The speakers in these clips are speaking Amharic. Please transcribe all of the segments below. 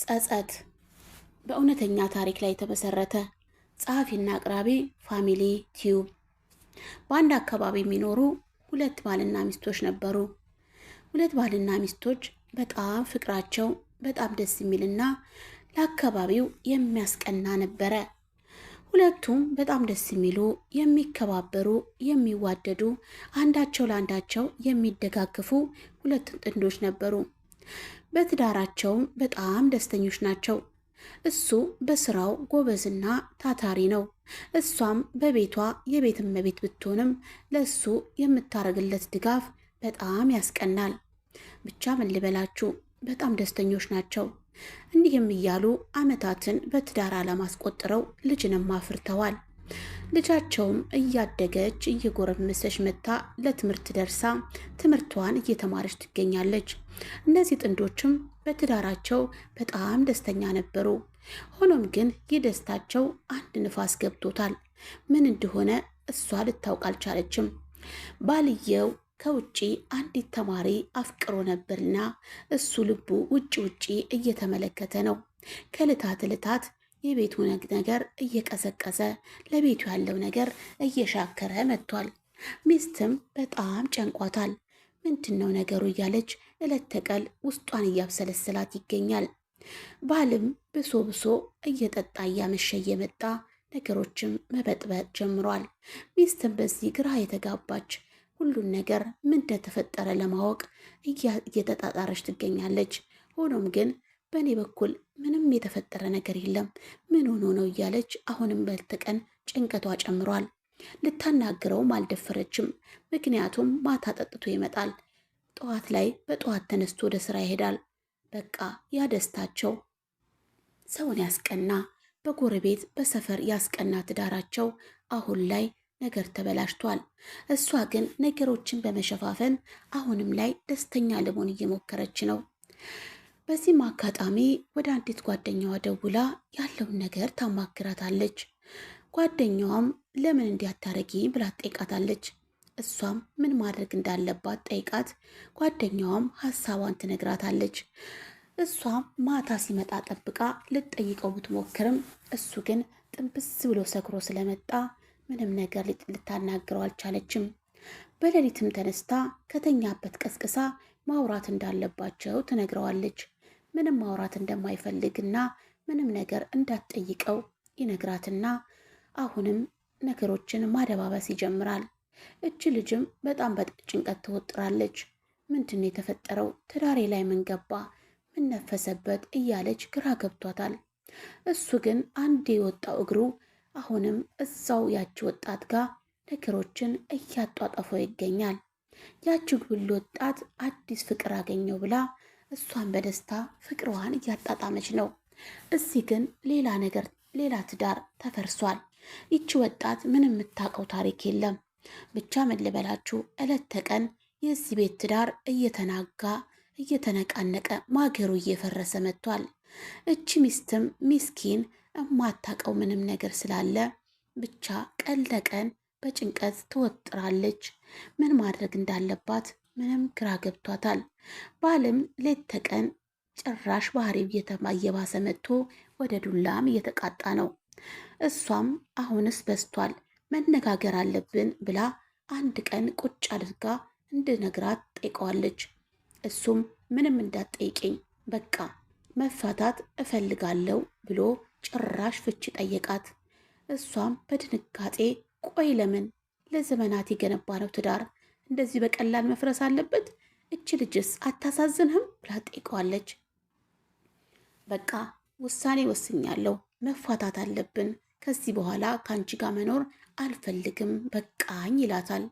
ጸጸት በእውነተኛ ታሪክ ላይ የተመሰረተ ጸሐፊና አቅራቢ ፋሚሊ ቲዩብ። በአንድ አካባቢ የሚኖሩ ሁለት ባልና ሚስቶች ነበሩ። ሁለት ባልና ሚስቶች በጣም ፍቅራቸው በጣም ደስ የሚልና ለአካባቢው የሚያስቀና ነበረ። ሁለቱም በጣም ደስ የሚሉ የሚከባበሩ፣ የሚዋደዱ፣ አንዳቸው ለአንዳቸው የሚደጋግፉ ሁለት ጥንዶች ነበሩ። በትዳራቸውም በጣም ደስተኞች ናቸው። እሱ በስራው ጎበዝና ታታሪ ነው። እሷም በቤቷ የቤት እመቤት ብትሆንም ለእሱ የምታደርግለት ድጋፍ በጣም ያስቀናል። ብቻ ምን ልበላችሁ በጣም ደስተኞች ናቸው። እንዲህም እያሉ ዓመታትን በትዳር ለማስቆጥረው አስቆጥረው ልጅንም አፍርተዋል። ልጃቸውም እያደገች እየጎረመሰች መጥታ ለትምህርት ደርሳ ትምህርቷን እየተማረች ትገኛለች። እነዚህ ጥንዶችም በትዳራቸው በጣም ደስተኛ ነበሩ። ሆኖም ግን የደስታቸው አንድ ንፋስ ገብቶታል። ምን እንደሆነ እሷ ልታውቅ አልቻለችም። ባልየው ከውጪ አንዲት ተማሪ አፍቅሮ ነበርና እሱ ልቡ ውጪ ውጪ እየተመለከተ ነው። ከልታት ልታት የቤቱ ነገር እየቀዘቀዘ ለቤቱ ያለው ነገር እየሻከረ መጥቷል። ሚስትም በጣም ጨንቋታል። ምንድን ነው ነገሩ እያለች እለት ተቀል ውስጧን እያብሰለሰላት ይገኛል። ባልም ብሶ ብሶ እየጠጣ እያመሸ እየመጣ ነገሮችም መበጥበጥ ጀምሯል። ሚስትም በዚህ ግራ የተጋባች ሁሉን ነገር ምን እንደተፈጠረ ለማወቅ እየተጣጣረች ትገኛለች። ሆኖም ግን በእኔ በኩል ምንም የተፈጠረ ነገር የለም ምን ሆኖ ነው እያለች አሁንም በልትቀን ጭንቀቷ ጨምሯል። ልታናግረውም አልደፈረችም። ምክንያቱም ማታ ጠጥቶ ይመጣል፣ ጠዋት ላይ በጠዋት ተነስቶ ወደ ስራ ይሄዳል። በቃ ያደስታቸው ሰውን ያስቀና በጎረቤት በሰፈር ያስቀና ትዳራቸው አሁን ላይ ነገር ተበላሽቷል። እሷ ግን ነገሮችን በመሸፋፈን አሁንም ላይ ደስተኛ ለመሆን እየሞከረች ነው። በዚህም አጋጣሚ ወደ አንዲት ጓደኛዋ ደውላ ያለውን ነገር ታማክራታለች። ጓደኛዋም ለምን እንዲያታረጊ ብላ ትጠይቃታለች። እሷም ምን ማድረግ እንዳለባት ጠይቃት፣ ጓደኛዋም ሀሳቧን ትነግራታለች። እሷም ማታ ሲመጣ ጠብቃ ልትጠይቀው ብትሞክርም እሱ ግን ጥብስ ብሎ ሰክሮ ስለመጣ ምንም ነገር ልታናግረው አልቻለችም። በሌሊትም ተነስታ ከተኛበት ቀስቅሳ ማውራት እንዳለባቸው ትነግረዋለች። ምንም ማውራት እንደማይፈልግና ምንም ነገር እንዳትጠይቀው ይነግራትና አሁንም ነገሮችን ማደባበስ ይጀምራል። እች ልጅም በጣም በጭንቀት ትወጥራለች። ምንድን ነው የተፈጠረው? ትዳሬ ላይ ምን ገባ? ምን ነፈሰበት? እያለች ግራ ገብቷታል። እሱ ግን አንድ የወጣው እግሩ አሁንም እዛው ያች ወጣት ጋር ነገሮችን እያጧጠፈው ይገኛል። ያች ጉብል ወጣት አዲስ ፍቅር አገኘው ብላ እሷን በደስታ ፍቅሯን እያጣጣመች ነው። እዚህ ግን ሌላ ነገር፣ ሌላ ትዳር ተፈርሷል። ይቺ ወጣት ምንም የምታውቀው ታሪክ የለም። ብቻ ምን ልበላችሁ፣ ዕለት ተቀን የዚህ ቤት ትዳር እየተናጋ እየተነቃነቀ ማገሩ እየፈረሰ መጥቷል። እቺ ሚስትም ሚስኪን የማታቀው ምንም ነገር ስላለ ብቻ ቀን ለቀን በጭንቀት ትወጥራለች። ምን ማድረግ እንዳለባት ምንም ግራ ገብቷታል። ባልም ሌት ተቀን ጭራሽ ባህሪው እየባሰ መጥቶ ወደ ዱላም እየተቃጣ ነው። እሷም አሁንስ በስቷል መነጋገር አለብን ብላ አንድ ቀን ቁጭ አድርጋ እንድነግራት ጠይቀዋለች። እሱም ምንም እንዳትጠይቅኝ በቃ መፋታት እፈልጋለሁ ብሎ ጭራሽ ፍቺ ጠየቃት። እሷም በድንጋጤ ቆይ ለምን ለዘመናት የገነባ ነው ትዳር እንደዚህ በቀላል መፍረስ አለበት? እች ልጅስ አታሳዝንህም? ብላ ጠይቀዋለች። በቃ ውሳኔ ወስኛለሁ፣ መፋታት አለብን። ከዚህ በኋላ ከአንቺ ጋር መኖር አልፈልግም፣ በቃኝ ይላታል።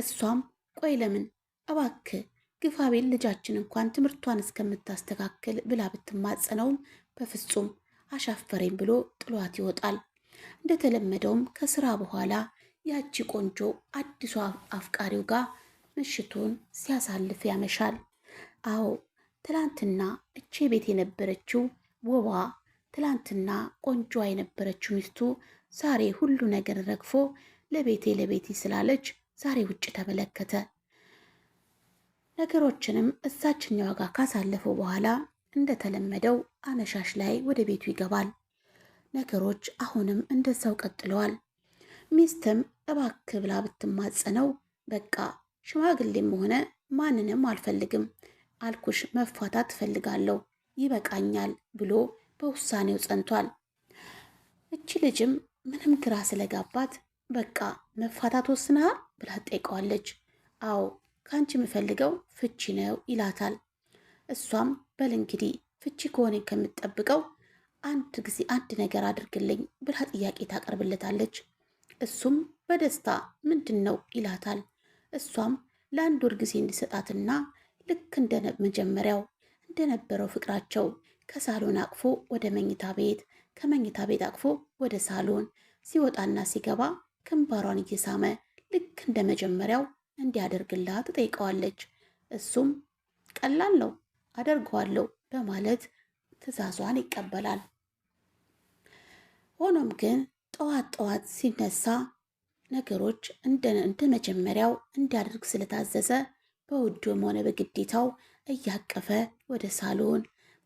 እሷም ቆይ ለምን እባክህ ግፋቤን ልጃችን እንኳን ትምህርቷን እስከምታስተካክል ብላ ብትማጸነውም በፍጹም አሻፈረኝ ብሎ ጥሏት ይወጣል። እንደተለመደውም ከስራ በኋላ ያቺ ቆንጆ አዲሷ አፍቃሪው ጋር ምሽቱን ሲያሳልፍ ያመሻል። አዎ ትላንትና እቼ ቤት የነበረችው ወባ ትላንትና ቆንጆ የነበረችው ሚስቱ ዛሬ ሁሉ ነገር ረግፎ ለቤቴ ለቤቴ ስላለች ዛሬ ውጭ ተመለከተ። ነገሮችንም እዛችኛዋ ጋር ካሳለፈው በኋላ እንደተለመደው አመሻሽ ላይ ወደ ቤቱ ይገባል። ነገሮች አሁንም እንደዛው ቀጥለዋል። ሚስትም እባክህ ብላ ብትማጸነው በቃ ሽማግሌም ሆነ ማንንም አልፈልግም አልኩሽ፣ መፋታት ትፈልጋለሁ ይበቃኛል ብሎ በውሳኔው ጸንቷል። እቺ ልጅም ምንም ግራ ስለጋባት በቃ መፋታት ወስነሃል ብላ ትጠይቀዋለች። አዎ ከአንቺ የምፈልገው ፍቺ ነው ይላታል። እሷም በል እንግዲህ ፍቺ ከሆነ ከምጠብቀው አንድ ጊዜ አንድ ነገር አድርግልኝ ብላ ጥያቄ ታቀርብለታለች። እሱም በደስታ ምንድን ነው ይላታል። እሷም ለአንድ ወር ጊዜ እንዲሰጣትና ልክ እንደ መጀመሪያው እንደነበረው ፍቅራቸው ከሳሎን አቅፎ ወደ መኝታ ቤት፣ ከመኝታ ቤት አቅፎ ወደ ሳሎን ሲወጣና ሲገባ ግንባሯን እየሳመ ልክ እንደ መጀመሪያው እንዲያደርግላት ትጠይቀዋለች። እሱም ቀላል ነው አደርገዋለሁ በማለት ትዕዛዟን ይቀበላል። ሆኖም ግን ጠዋት ጠዋት ሲነሳ ነገሮች እንደ መጀመሪያው እንዲያደርግ ስለታዘዘ በውድም ሆነ በግዴታው እያቀፈ ወደ ሳሎን፣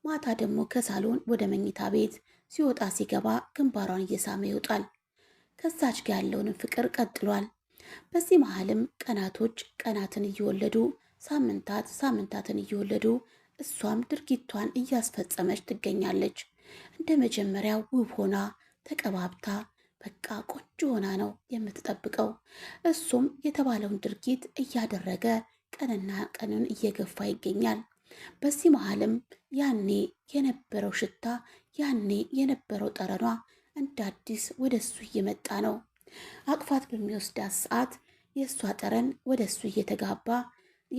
ማታ ደግሞ ከሳሎን ወደ መኝታ ቤት ሲወጣ ሲገባ ግንባሯን እየሳመ ይወጣል። ከዛች ጋር ያለውንም ፍቅር ቀጥሏል። በዚህ መሀልም ቀናቶች ቀናትን እየወለዱ ሳምንታት ሳምንታትን እየወለዱ እሷም ድርጊቷን እያስፈጸመች ትገኛለች። እንደ መጀመሪያው ውብ ሆና ተቀባብታ በቃ ቆንጆ ሆና ነው የምትጠብቀው። እሱም የተባለውን ድርጊት እያደረገ ቀንና ቀንን እየገፋ ይገኛል። በዚህ መሀልም ያኔ የነበረው ሽታ ያኔ የነበረው ጠረኗ እንደ አዲስ ወደ እሱ እየመጣ ነው። አቅፋት በሚወስዳት ሰዓት የእሷ ጠረን ወደ እሱ እየተጋባ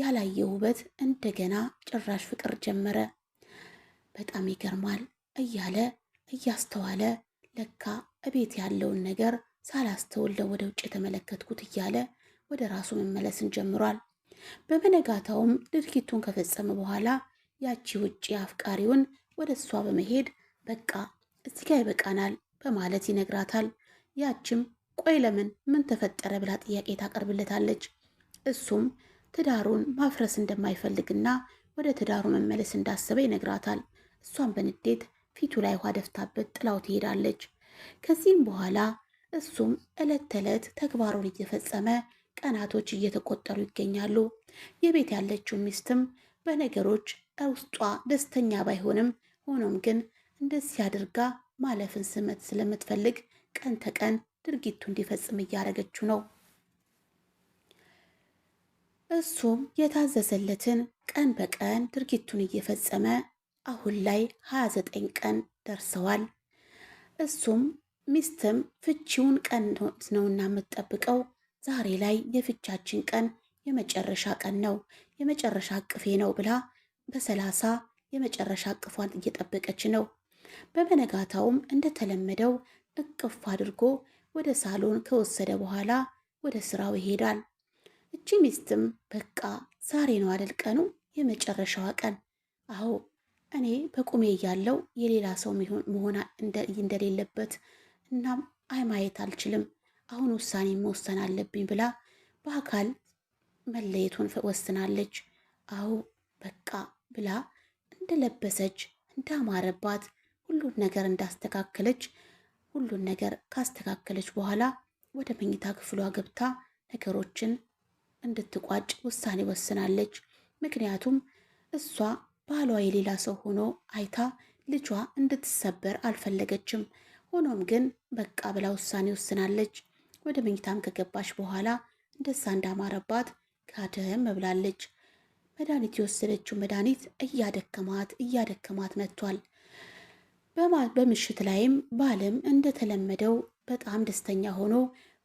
ያላየው ውበት እንደገና ጭራሽ ፍቅር ጀመረ። በጣም ይገርማል እያለ እያስተዋለ ለካ እቤት ያለውን ነገር ሳላስተውለው ወደ ውጭ የተመለከትኩት እያለ ወደ ራሱ መመለስን ጀምሯል። በመነጋታውም ድርጊቱን ከፈጸመ በኋላ ያቺ ውጪ አፍቃሪውን ወደ እሷ በመሄድ በቃ እዚህ ጋ ይበቃናል በማለት ይነግራታል። ያችም ቆይ ለምን ምን ተፈጠረ ብላ ጥያቄ ታቀርብለታለች። እሱም ትዳሩን ማፍረስ እንደማይፈልግና ወደ ትዳሩ መመለስ እንዳሰበ ይነግራታል። እሷም በንዴት ፊቱ ላይ ውሃ ደፍታበት ጥላው ትሄዳለች። ከዚህም በኋላ እሱም ዕለት ተዕለት ተግባሩን እየፈጸመ ቀናቶች እየተቆጠሩ ይገኛሉ። የቤት ያለችው ሚስትም በነገሮች ውስጧ ደስተኛ ባይሆንም ሆኖም ግን እንደዚህ አድርጋ ማለፍን ስመት ስለምትፈልግ ቀን ተቀን ድርጊቱ እንዲፈጽም እያደረገችው ነው። እሱም የታዘዘለትን ቀን በቀን ድርጊቱን እየፈጸመ አሁን ላይ 29 ቀን ደርሰዋል። እሱም ሚስትም ፍቺውን ቀን ነውና የምትጠብቀው ዛሬ ላይ የፍቻችን ቀን የመጨረሻ ቀን ነው፣ የመጨረሻ እቅፌ ነው ብላ በሰላሳ የመጨረሻ እቅፏን እየጠበቀች ነው። በመነጋታውም እንደተለመደው እቅፍ አድርጎ ወደ ሳሎን ከወሰደ በኋላ ወደ ስራው ይሄዳል። እቺ ሚስትም በቃ ዛሬ ነው አደል ቀኑ፣ የመጨረሻዋ ቀን አዎ እኔ በቁሜ እያለው የሌላ ሰው መሆን እንደሌለበት እናም አይ ማየት አልችልም፣ አሁን ውሳኔ መወሰን አለብኝ ብላ በአካል መለየቱን ወስናለች። አዎ በቃ ብላ እንደለበሰች እንዳማረባት ሁሉን ነገር እንዳስተካከለች ሁሉን ነገር ካስተካከለች በኋላ ወደ መኝታ ክፍሏ ገብታ ነገሮችን እንድትቋጭ ውሳኔ ወስናለች። ምክንያቱም እሷ ባሏ የሌላ ሰው ሆኖ አይታ ልጇ እንድትሰበር አልፈለገችም። ሆኖም ግን በቃ ብላ ውሳኔ ወስናለች። ወደ መኝታም ከገባች በኋላ እንደዛ እንዳማረባት ጋደም ብላለች። መድኃኒት የወሰደችው መድኃኒት እያደከማት እያደከማት መጥቷል። በምሽት ላይም ባልም እንደተለመደው በጣም ደስተኛ ሆኖ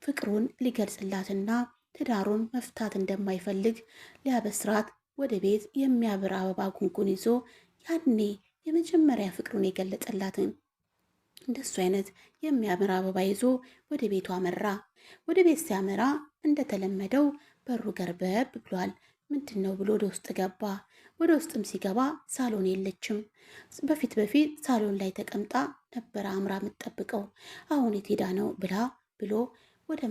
ፍቅሩን ሊገልጽላትና ትዳሩን መፍታት እንደማይፈልግ ሊያበስራት ወደ ቤት የሚያብር አበባ ጉንጉን ይዞ ያኔ የመጀመሪያ ፍቅሩን የገለጸላትን እንደሱ አይነት የሚያምር አበባ ይዞ ወደ ቤቱ አመራ። ወደ ቤት ሲያመራ እንደተለመደው በሩ ገርበብ ብሏል። ምንድን ነው ብሎ ወደ ውስጥ ገባ። ወደ ውስጥም ሲገባ ሳሎን የለችም። በፊት በፊት ሳሎን ላይ ተቀምጣ ነበረ አምራ የምትጠብቀው። አሁን የት ሄዳ ነው ብላ ብሎ ወደ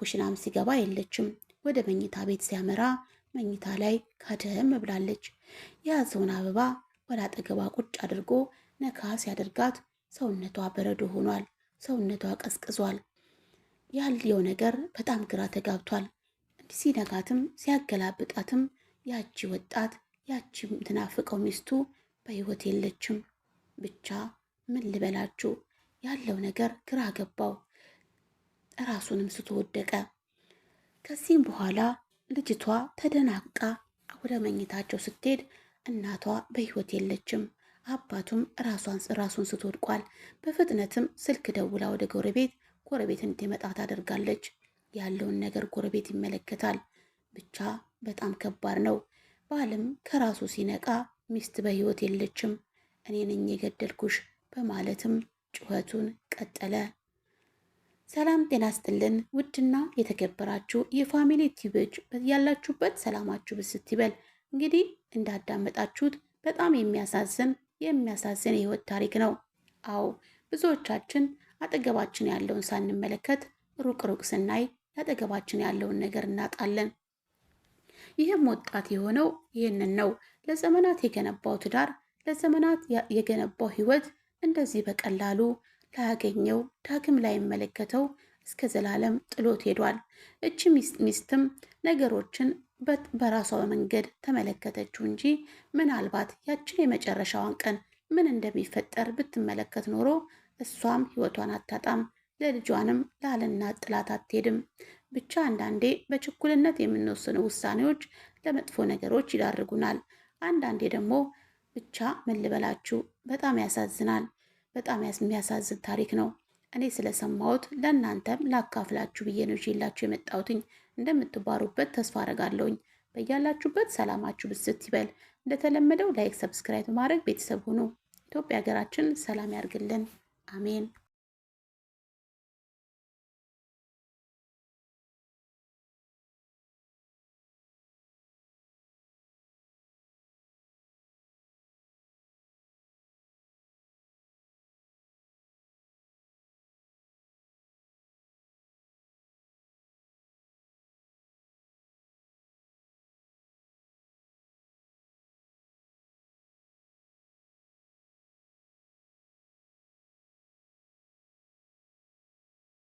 ኩሽናም ሲገባ የለችም። ወደ መኝታ ቤት ሲያመራ መኝታ ላይ ካደም ብላለች። የያዘውን አበባ ወደ አጠገቧ ቁጭ አድርጎ ነካ ሲያደርጋት ሰውነቷ በረዶ ሆኗል። ሰውነቷ ቀዝቅዟል። ያለው ነገር በጣም ግራ ተጋብቷል። እንዲህ ሲነካትም ሲያገላብጣትም ያቺ ወጣት ያቺ የምትናፍቀው ሚስቱ በሕይወት የለችም። ብቻ ምን ልበላችሁ ያለው ነገር ግራ ገባው። ራሱንም ስቶ ወደቀ። ከዚህም በኋላ ልጅቷ ተደናቃ ወደ መኝታቸው ስትሄድ እናቷ በህይወት የለችም። አባቱም ራሷን ራሱን ስትወድቋል። በፍጥነትም ስልክ ደውላ ወደ ጎረቤት ጎረቤት እንዲመጣ ታደርጋለች። ያለውን ነገር ጎረቤት ይመለከታል። ብቻ በጣም ከባድ ነው። ባልም ከራሱ ሲነቃ ሚስት በህይወት የለችም፣ እኔ ነኝ የገደልኩሽ በማለትም ጩኸቱን ቀጠለ። ሰላም ጤና ይስጥልን። ውድና የተከበራችሁ የፋሚሊ ቲቪዎች ያላችሁበት ሰላማችሁ ብስት ይበል። እንግዲህ እንዳዳመጣችሁት በጣም የሚያሳዝን የሚያሳዝን የህይወት ታሪክ ነው። አዎ ብዙዎቻችን አጠገባችን ያለውን ሳንመለከት ሩቅ ሩቅ ስናይ ያጠገባችን ያለውን ነገር እናጣለን። ይህም ወጣት የሆነው ይህንን ነው። ለዘመናት የገነባው ትዳር፣ ለዘመናት የገነባው ህይወት እንደዚህ በቀላሉ ላያገኘው ዳግም ላይመለከተው እስከ ዘላለም ጥሎት ሄዷል። እቺ ሚስትም ነገሮችን በራሷ መንገድ ተመለከተችው እንጂ ምናልባት ያችን የመጨረሻዋን ቀን ምን እንደሚፈጠር ብትመለከት ኖሮ እሷም ህይወቷን አታጣም፣ ለልጇንም ላልና ጥላት አትሄድም። ብቻ አንዳንዴ በችኩልነት የምንወስነው ውሳኔዎች ለመጥፎ ነገሮች ይዳርጉናል። አንዳንዴ ደግሞ ብቻ ምን ልበላችሁ በጣም ያሳዝናል። በጣም የሚያሳዝን ታሪክ ነው። እኔ ስለሰማሁት ለእናንተም ላካፍላችሁ ብዬ ነው ይዤላችሁ የመጣሁትኝ። እንደምትባሩበት ተስፋ አረጋለሁኝ። በያላችሁበት ሰላማችሁ ብስት ይበል። እንደተለመደው ላይክ፣ ሰብስክራይብ ማድረግ ቤተሰብ ሁኑ። ኢትዮጵያ ሀገራችን ሰላም ያርግልን። አሜን።